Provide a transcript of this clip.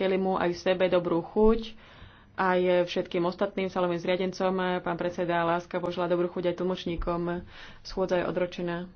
Kelimu aj sebe dobrú chuť, aj všetkým ostatným salovým zriadencom. Pán predseda Láska požila dobrú chuť aj tlmočníkom. Schôdza je odročená.